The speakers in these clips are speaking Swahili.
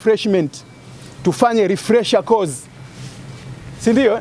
Refreshment. Tufanye refresher course, si ndio? Eh?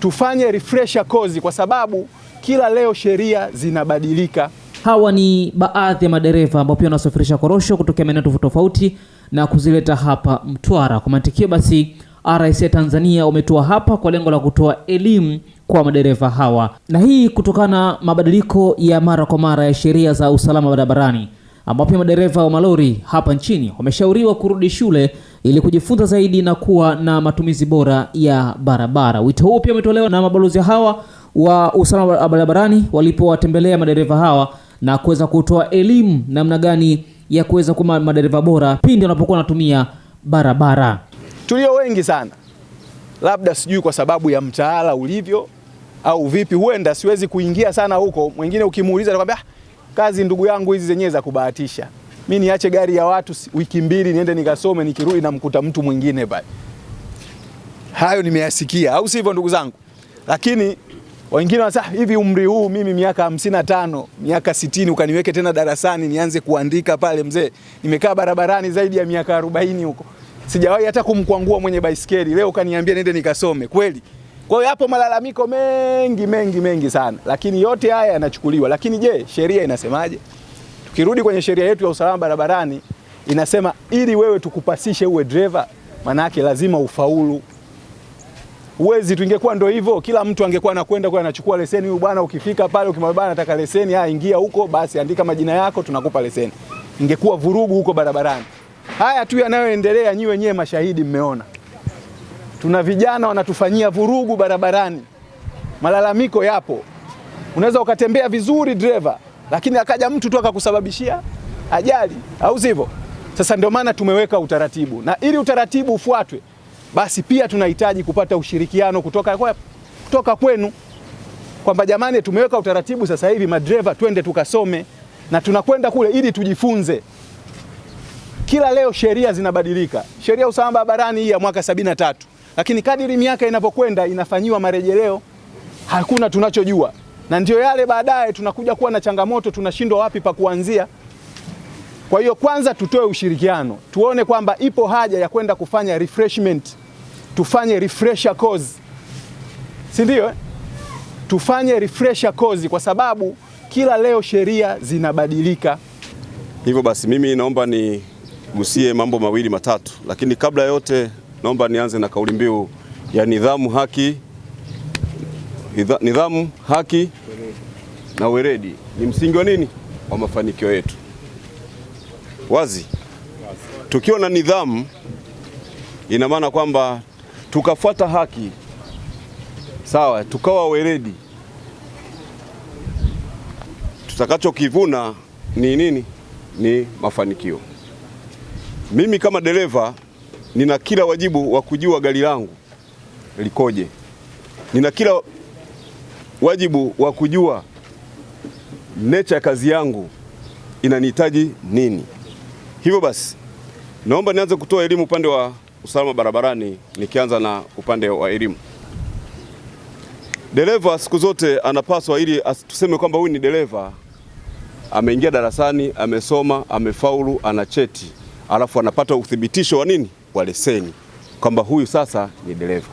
Tufanye refresher course kwa sababu kila leo sheria zinabadilika. Hawa ni baadhi ya madereva ambao pia wanasafirisha korosho kutokea maeneo tofauti tofauti na kuzileta hapa Mtwara. Kwa mantikio basi, RSA Tanzania umetua hapa kwa lengo la kutoa elimu kwa madereva hawa, na hii kutokana na mabadiliko ya mara kwa mara ya sheria za usalama barabarani ambapo madereva wa malori hapa nchini wameshauriwa kurudi shule ili kujifunza zaidi na kuwa na matumizi bora ya barabara. Wito huu pia umetolewa na mabalozi hawa wa usalama wa barabarani walipowatembelea madereva hawa na kuweza kutoa elimu namna gani ya kuweza kuwa madereva bora pindi wanapokuwa wanatumia barabara. Tulio wengi sana, labda sijui kwa sababu ya mtaala ulivyo au vipi, huenda siwezi kuingia sana huko. Mwingine ukimuuliza anakuambia ah, Kazi ndugu yangu hizi zenyewe za kubahatisha. Mi niache gari ya watu wiki mbili niende nikasome, nikirudi namkuta mtu mwingine bali. Hayo nimeyasikia, au sivyo ndugu zangu? Lakini wengine wanasema ah, hivi, umri huu mimi miaka hamsini na tano miaka sitini ukaniweke tena darasani nianze kuandika pale, mzee, nimekaa barabarani zaidi ya miaka arobaini huko sijawahi hata kumkwangua mwenye baisikeli. Leo ukaniambia nende nikasome kweli? Kwa hiyo yapo malalamiko mengi mengi mengi sana, lakini yote haya yanachukuliwa. Lakini je, sheria inasemaje? Tukirudi kwenye sheria yetu ya usalama barabarani, inasema ili wewe tukupasishe uwe driver, maana lazima ufaulu. Uwezi tu, ingekuwa ndio hivyo, kila mtu angekuwa anakwenda kwa anachukua leseni. Huyu bwana, ukifika pale ukimwambia bwana, nataka leseni, haya, ingia huko basi, andika majina yako, tunakupa leseni. Ingekuwa vurugu huko barabarani. Haya tu yanayoendelea, nyi wenyewe mashahidi mmeona. Tuna vijana wanatufanyia vurugu barabarani, malalamiko yapo. Unaweza ukatembea vizuri driver, lakini akaja mtu tu akakusababishia ajali, au sivyo? Sasa ndio maana tumeweka utaratibu, na ili utaratibu ufuatwe, basi pia tunahitaji kupata ushirikiano kutoka, kwa, kutoka kwenu kwamba jamani, tumeweka utaratibu sasa hivi madriver twende tukasome, na tunakwenda kule ili tujifunze. Kila leo sheria zinabadilika. Sheria usalama barabarani hii ya mwaka sabini na tatu lakini kadiri miaka inavyokwenda inafanyiwa marejeleo, hakuna tunachojua, na ndio yale baadaye tunakuja kuwa na changamoto, tunashindwa wapi pa kuanzia. Kwa hiyo kwanza tutoe ushirikiano, tuone kwamba ipo haja ya kwenda kufanya refreshment, tufanye refresher course, si ndio? Eh? Tufanye refresher course kwa sababu kila leo sheria zinabadilika. Hivyo basi, mimi naomba nigusie mambo mawili matatu, lakini kabla yote naomba nianze na kauli mbiu ya nidhamu, haki, nidhamu, haki na weledi ni msingi wa nini, wa mafanikio yetu. Wazi, tukiwa na nidhamu, ina maana kwamba tukafuata haki, sawa, tukawa weledi, tutakachokivuna ni nini? Ni mafanikio. Mimi kama dereva nina kila wajibu wa kujua gari langu likoje, nina kila wajibu wa kujua nature ya kazi yangu inanihitaji nini. Hivyo basi, naomba nianze kutoa elimu upande wa usalama barabarani, nikianza na upande wa elimu. Dereva siku zote anapaswa, ili tuseme kwamba huyu ni dereva ameingia darasani, amesoma, amefaulu, ana cheti, alafu anapata uthibitisho wa nini wa leseni kwamba huyu sasa ni dereva,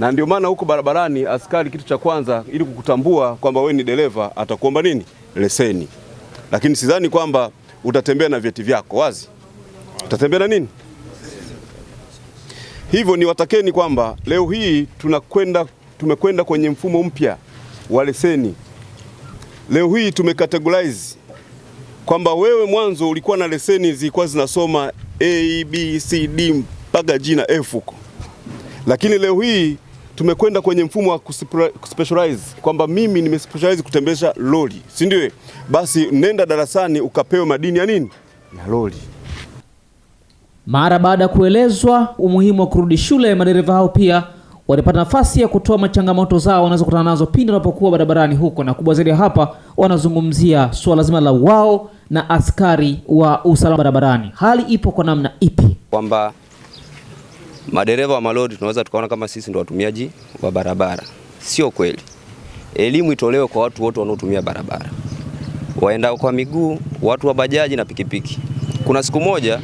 na ndio maana huko barabarani askari kitu cha kwanza ili kukutambua kwamba wewe ni dereva atakuomba nini? Leseni. Lakini sidhani kwamba utatembea na vyeti vyako wazi, utatembea na nini? Hivyo niwatakeni kwamba leo hii tunakwenda, tumekwenda kwenye mfumo mpya wa leseni. Leo hii tumekategorize kwamba wewe mwanzo ulikuwa na leseni zilikuwa zinasoma A, B, C, D mpaka na F huko, lakini leo hii tumekwenda kwenye mfumo wa kuspecialize kwamba mimi nimespecialize kutembesha lori, si ndio? Basi nenda darasani ukapewe madini ya nini ya lori. Mara baada ya kuelezwa umuhimu wa kurudi shule, madereva hao pia walipata nafasi ya kutoa machangamoto zao wanazokutana nazo pindi wanapokuwa barabarani huko, na kubwa zaidi hapa wanazungumzia suala zima la wao na askari wa usalama barabarani, hali ipo kwa namna ipi? Kwamba madereva wa malori tunaweza tukaona kama sisi ndo watumiaji wa barabara, sio kweli. Elimu itolewe kwa watu wote wanaotumia barabara, waenda kwa miguu, watu wa bajaji na pikipiki. Kuna siku moja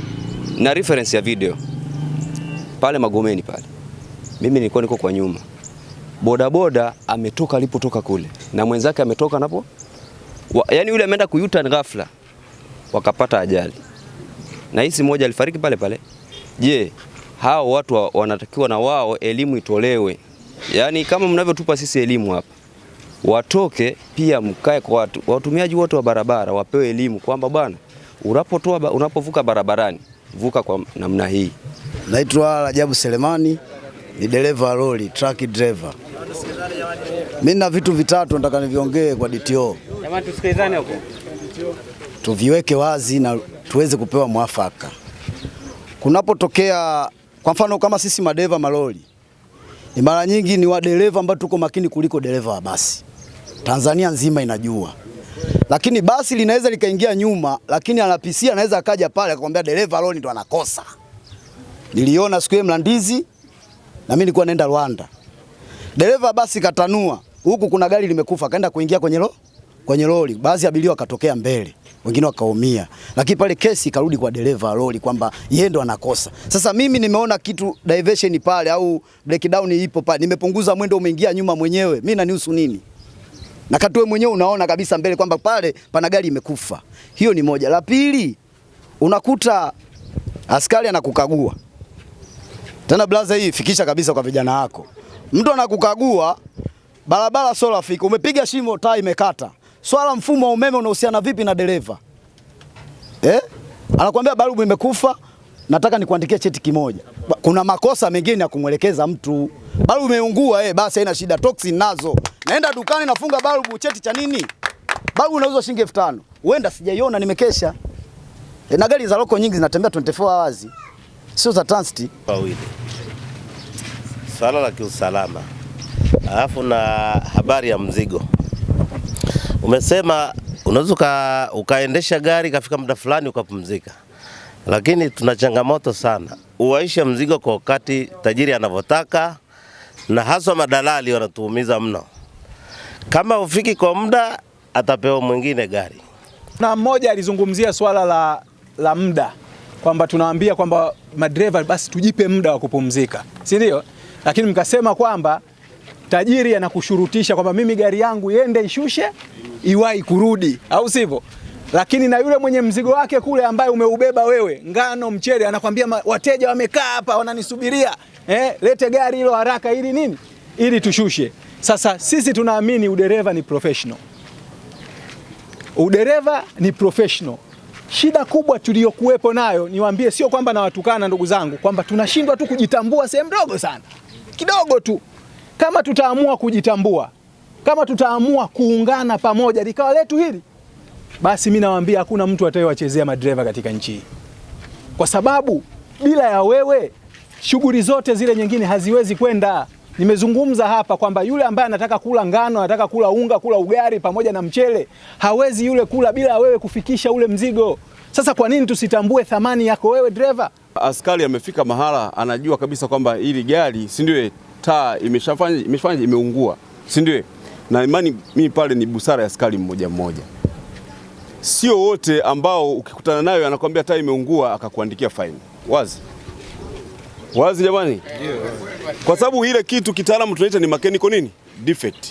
na reference ya video pale Magomeni pale, mimi nilikuwa niko kwa nyuma, bodaboda ametoka alipotoka kule na mwenzake ametoka napo, yaani yule ameenda kuyuta ghafla wakapata ajali na hisi moja alifariki pale pale. Je, hao watu wanatakiwa na wao elimu itolewe, yaani kama mnavyotupa sisi elimu hapa, watoke pia mkae kwa watu, watumiaji wote wa barabara wapewe elimu kwamba bwana, unapotoa unapovuka barabarani vuka kwa namna hii. Naitwa Rajabu Selemani, ni dereva lori, truck driver. Mimi na vitu vitatu nataka niviongee kwa DTO. Jamani tusikilizane huko tuviweke wazi na tuweze kupewa mwafaka. Kunapotokea kwa mfano kama sisi madereva malori, ni mara nyingi ni wadereva ambao tuko makini kuliko dereva wa basi. Tanzania nzima inajua, lakini basi linaweza likaingia nyuma, lakini anapisi anaweza akaja pale akamwambia dereva loni ndo anakosa. Niliona siku ile Mlandizi na mimi nilikuwa naenda Rwanda, dereva basi katanua, huku kuna gari limekufa, kaenda kuingia kwenye lo, kwenye lori, baadhi ya abiria wakatokea mbele wengine wakaumia, lakini pale kesi ikarudi kwa dereva lori kwamba yeye ndo anakosa. Sasa mimi nimeona kitu diversion pale au breakdown ipo pale, nimepunguza mwendo, umeingia nyuma mwenyewe, mimi nanihusu nini? Na kati wewe mwenyewe unaona kabisa mbele kwamba pale pana gari imekufa. Hiyo ni moja. La pili, unakuta askari anakukagua tena, blaza, hii fikisha kabisa kwa vijana wako, mtu anakukagua barabara, sio rafiki, umepiga shimo, taa imekata swala mfumo wa umeme unahusiana vipi na dereva eh? Anakuambia balbu imekufa, nataka nikuandikie cheti kimoja. Kuna makosa mengine ya kumwelekeza mtu balbu imeungua eh, basi haina shida, toxin nazo, naenda dukani nafunga balbu. Cheti cha nini? Balbu inauzwa shilingi elfu tano huenda sijaiona, nimekesha eh, na gari za loko nyingi zinatembea 24 hours, sio za transit. Wawili swala la kiusalama, alafu na habari ya mzigo umesema unaweza ukaendesha gari kafika muda fulani ukapumzika, lakini tuna changamoto sana, uwaishe mzigo kwa wakati tajiri anavyotaka, na haswa madalali wanatuumiza mno. Kama ufiki kwa muda, atapewa mwingine gari. Na mmoja alizungumzia swala la, la muda kwamba tunawaambia kwamba madereva basi tujipe muda wa kupumzika, si ndio? Lakini mkasema kwamba tajiri anakushurutisha kwamba mimi gari yangu iende ishushe iwahi kurudi, au sivyo? Lakini na yule mwenye mzigo wake kule ambaye umeubeba wewe, ngano, mchele, anakwambia wateja wamekaa hapa wananisubiria, eh, lete gari hilo haraka ili nini, ili tushushe. Sasa sisi tunaamini udereva ni professional. Udereva ni professional. Shida kubwa tuliyokuwepo nayo, niwaambie, sio kwamba nawatukana ndugu zangu, kwamba tunashindwa tu kujitambua sehemu ndogo sana, kidogo tu. Kama tutaamua kujitambua, kama tutaamua kuungana pamoja, likawa letu hili, basi mi nawaambia hakuna mtu atayewachezea madereva katika nchi hii, kwa sababu bila ya wewe shughuli zote zile nyingine haziwezi kwenda. Nimezungumza hapa kwamba yule ambaye anataka kula ngano, anataka kula unga, kula ugali pamoja na mchele, hawezi yule kula bila wewe kufikisha ule mzigo. Sasa kwa nini tusitambue thamani yako wewe dereva? Askari amefika mahala anajua kabisa kwamba hili gari si ndio taa imeshafanya imeshafanya imeungua, si ndio? Na imani mimi pale ni busara ya askari mmoja mmoja, sio wote ambao ukikutana nayo anakwambia taa imeungua akakuandikia faini. Wazi wazi, jamani, kwa sababu ile kitu kitaalamu tunaita ni mechanical nini defect.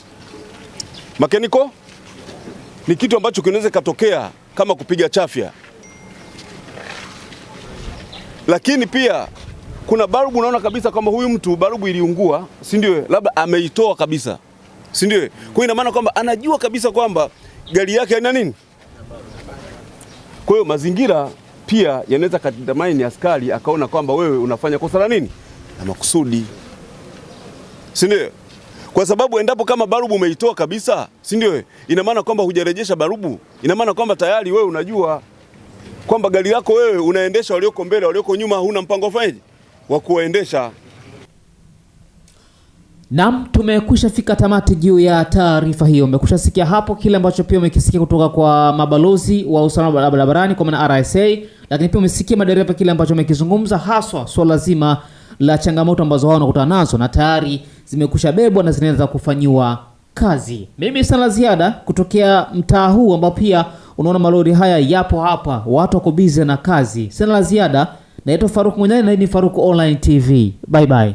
Mechanical ni kitu ambacho kinaweza katokea kama kupiga chafya, lakini pia kuna balbu unaona kabisa kwamba huyu mtu balbu iliungua, si ndio? Labda ameitoa kabisa, si ndio? Kwa ina maana kwamba anajua kabisa kwamba gari yake haina nini. Kwa hiyo mazingira pia yanaweza katamani askari akaona kwamba wewe unafanya kosa la nini na makusudi, si ndio? Kwa sababu endapo kama barubu umeitoa kabisa, si ndio? Ina maana kwamba hujarejesha barubu, ina maana kwamba tayari wewe unajua kwamba gari lako wewe unaendesha, walioko mbele walioko nyuma huna mpango wa fanyaje wa kuwaendesha. Naam, tumekwisha fika tamati juu ya taarifa hiyo. Umekusha sikia hapo kile ambacho pia umekisikia kutoka kwa mabalozi wa usalama wa barabarani kwa maana RSA, lakini pia umesikia madereva kile ambacho wamekizungumza, haswa swala zima la changamoto ambazo wao wanakutana nazo na tayari zimekusha bebwa na zinaweza kufanyiwa kazi. Mimi sana ziada kutokea mtaa huu ambao pia unaona malori haya yapo hapa, watu wako na kazi, sana la ziada Naitwa Faruk Mwenyani na hii ni Faruk Online TV. Bye bye.